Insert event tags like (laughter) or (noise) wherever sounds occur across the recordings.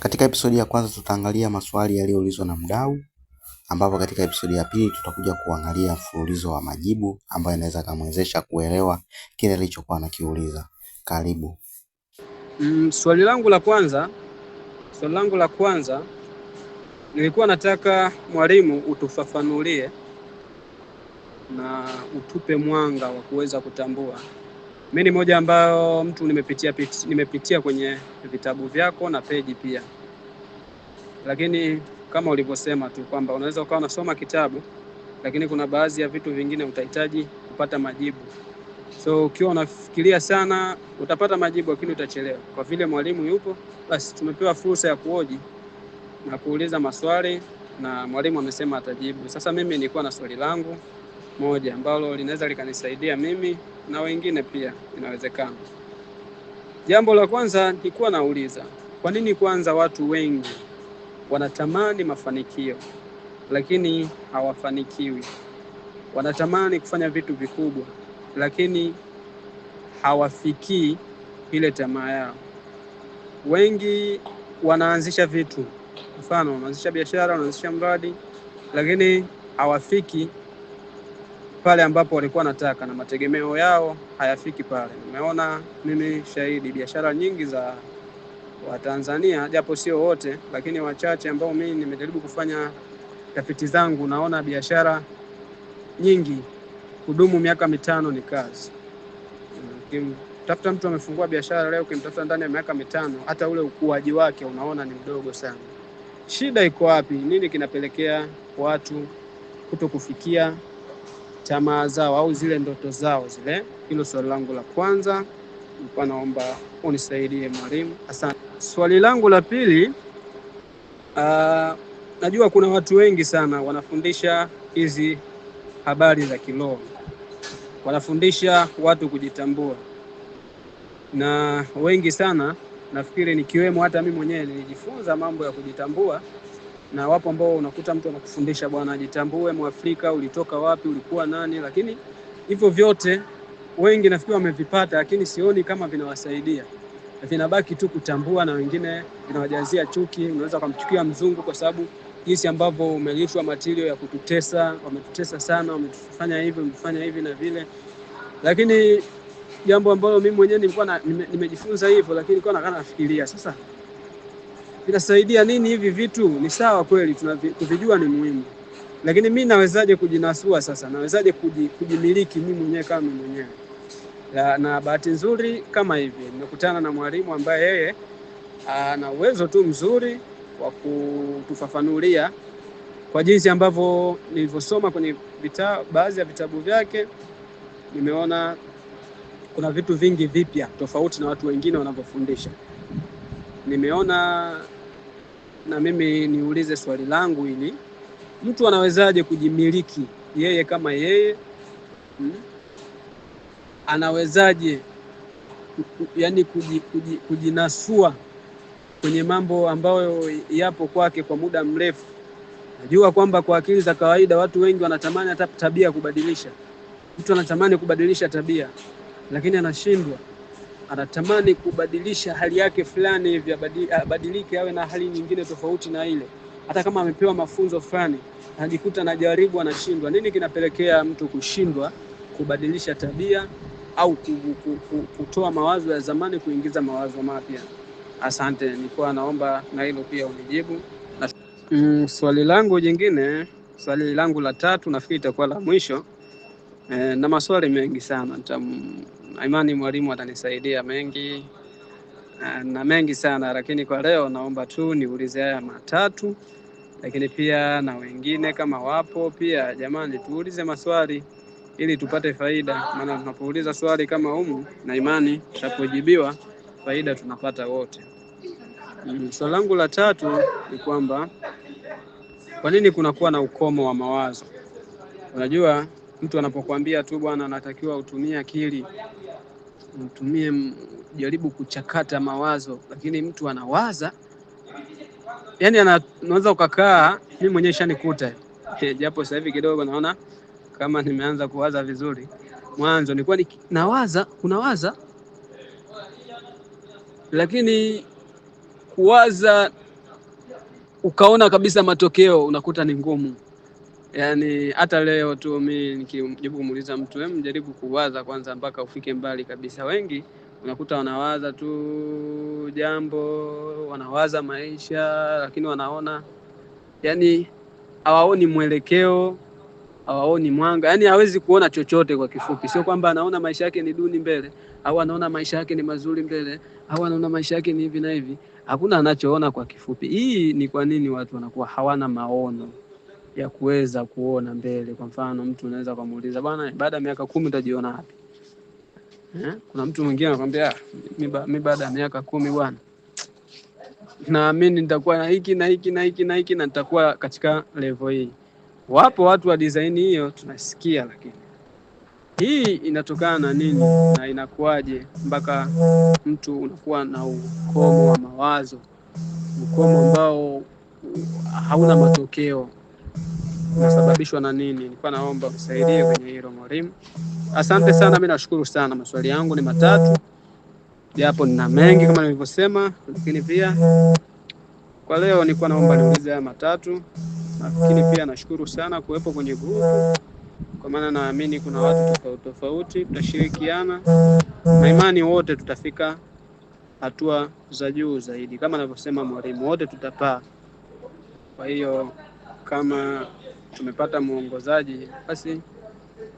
Katika episodi ya kwanza tutaangalia maswali yaliyoulizwa na mdau, ambapo katika episodi ya pili tutakuja kuangalia mfululizo wa majibu ambayo inaweza kumwezesha kuelewa kile alichokuwa anakiuliza. Karibu. Mm, swali langu la kwanza, swali langu la kwanza nilikuwa nataka mwalimu utufafanulie na utupe mwanga wa kuweza kutambua mimi ni moja ambayo mtu nimepitia nimepitia kwenye vitabu vyako na peji pia, lakini kama ulivyosema tu kwamba unaweza ukawa unasoma kitabu lakini kuna baadhi ya vitu vingine utahitaji kupata majibu. So ukiwa unafikiria sana utapata majibu, lakini utachelewa. Kwa vile mwalimu yupo, basi tumepewa fursa ya kuoji na kuuliza maswali na mwalimu amesema atajibu. Sasa mimi nilikuwa na swali langu moja ambalo linaweza likanisaidia mimi na wengine pia, inawezekana. Jambo la kwanza ni kuwa nauliza, kwa nini kwanza watu wengi wanatamani mafanikio lakini hawafanikiwi? Wanatamani kufanya vitu vikubwa lakini hawafikii ile tamaa yao. Wengi wanaanzisha vitu, mfano wanaanzisha biashara, wanaanzisha mradi, lakini hawafiki pale ambapo walikuwa wanataka na mategemeo yao hayafiki pale. Nimeona mimi shahidi biashara nyingi za Watanzania, japo sio wote, lakini wachache ambao mimi nimejaribu kufanya tafiti zangu, naona biashara nyingi kudumu miaka mitano ni kazi. Ukimtafuta mtu amefungua biashara leo, ukimtafuta ndani ya miaka mitano, hata ule ukuaji wake unaona ni mdogo sana. Shida iko wapi? Nini kinapelekea watu kuto kufikia tamaa zao au zile ndoto zao zile. Hilo swali langu la kwanza, nilikuwa naomba unisaidie mwalimu, asante. Swali langu la pili, uh, najua kuna watu wengi sana wanafundisha hizi habari za kiroho, wanafundisha watu kujitambua, na wengi sana nafikiri nikiwemo hata mimi mwenyewe nilijifunza mambo ya kujitambua na wapo ambao unakuta mtu anakufundisha bwana, jitambue Mwafrika, ulitoka wapi, ulikuwa nani, lakini hivyo vyote wengi nafikiri wamevipata, lakini sioni kama vinawasaidia. Vinabaki tu kutambua, na wengine vinawajazia chuki. Unaweza ukamchukia mzungu kwa sababu jinsi ambavyo umelishwa matirio ya kututesa, wametutesa sana, wametufanya hivi, wametufanya hivi na vile. Lakini jambo ambalo mimi mwenyewe nilikuwa nimejifunza hivyo, lakini nilikuwa nafikiria sasa vinasaidia nini hivi vitu? Ni sawa kweli, kuvijua ni muhimu, lakini mi nawezaje kujinasua sasa? Nawezaje kujimiliki mi mwenyewe kama mi mwenyewe? Na, na bahati nzuri kama hivi nimekutana na mwalimu ambaye yeye ana uwezo tu mzuri wa kutufafanulia kwa jinsi ambavyo nilivyosoma kwenye baadhi ya vitabu vyake, nimeona kuna vitu vingi vipya tofauti na watu wengine wanavyofundisha. Nimeona na mimi niulize swali langu hili, mtu anawezaje kujimiliki yeye kama yeye hmm? Anawezaje yani kujinasua kwenye mambo ambayo yapo kwake kwa muda mrefu? Najua kwamba kwa akili za kawaida watu wengi wanatamani hata tabia kubadilisha. Mtu anatamani kubadilisha tabia, lakini anashindwa anatamani kubadilisha hali yake fulani hivi abadilike, awe na hali nyingine tofauti na ile. Hata kama amepewa mafunzo fulani, anajikuta anajaribu, anashindwa. Nini kinapelekea mtu kushindwa kubadilisha tabia au kutoa mawazo ya zamani kuingiza mawazo mapya? Asante, nilikuwa naomba na hilo pia unijibu. Mm, swali langu jingine, swali langu la tatu nafikiri itakuwa la mwisho. E, na maswali mengi sana nitam naimani mwalimu atanisaidia mengi na mengi sana, lakini kwa leo naomba tu niulize haya matatu, lakini pia na wengine kama wapo pia, jamani, tuulize maswali ili tupate faida, maana tunapouliza swali kama humu, na imani tutapojibiwa faida tunapata wote. Mm, swali langu la tatu ni kwamba kwa nini kunakuwa na ukomo wa mawazo? Unajua mtu anapokuambia tu bwana, anatakiwa utumie akili, utumie, jaribu kuchakata mawazo, lakini mtu anawaza yani, anaweza ukakaa, mi mwenyewe shanikuta (laughs) japo sasa hivi kidogo naona kama nimeanza kuwaza vizuri. Mwanzo nilikuwa nawaza, unawaza lakini kuwaza ukaona kabisa matokeo unakuta ni ngumu yani hata leo tu mi nikijaribu kumuuliza mtu hem, mjaribu kuwaza kwanza mpaka ufike mbali kabisa. Wengi unakuta wanawaza tu jambo, wanawaza maisha, lakini wanaona yani hawaoni mwelekeo, hawaoni mwanga, yani hawezi kuona chochote. Kwa kifupi, sio kwamba anaona maisha yake ni duni mbele au anaona maisha yake ni mazuri mbele au anaona maisha yake ni hivi na hivi, hakuna anachoona. Kwa kifupi, hii ni kwa nini watu wanakuwa hawana maono ya kuweza kuona mbele. Kwa mfano, mtu unaweza kumuuliza bwana, baada ya miaka kumi utajiona wapi? Eh? Kuna mtu mwingine anakwambia ah, mi baada ya miaka kumi bwana naamini nitakuwa na hiki na hiki na hiki na hiki na nitakuwa katika level hii. Wapo watu wa design hiyo tunasikia, lakini hii inatokana na nini na inakuwaje mpaka mtu unakuwa na ukomo wa mawazo, ukomo ambao hauna matokeo? Unasababishwa na nini? Nilikuwa naomba usaidie kwenye hilo mwalimu. Asante sana, mimi nashukuru sana. Maswali yangu ni matatu, japo nina mengi kama nilivyosema, lakini pia kwa leo nilikuwa naomba niulize haya matatu, lakini pia nashukuru sana kuwepo kwenye grupu, kwa maana naamini kuna watu tofauti tofauti, tutashirikiana na imani, wote tutafika hatua za juu zaidi, kama anavyosema mwalimu, wote tutapaa. Kwa hiyo kama tumepata mwongozaji, basi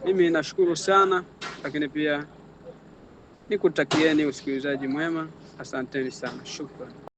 mimi nashukuru sana, lakini pia nikutakieni usikilizaji mwema. Asanteni sana, shukrani.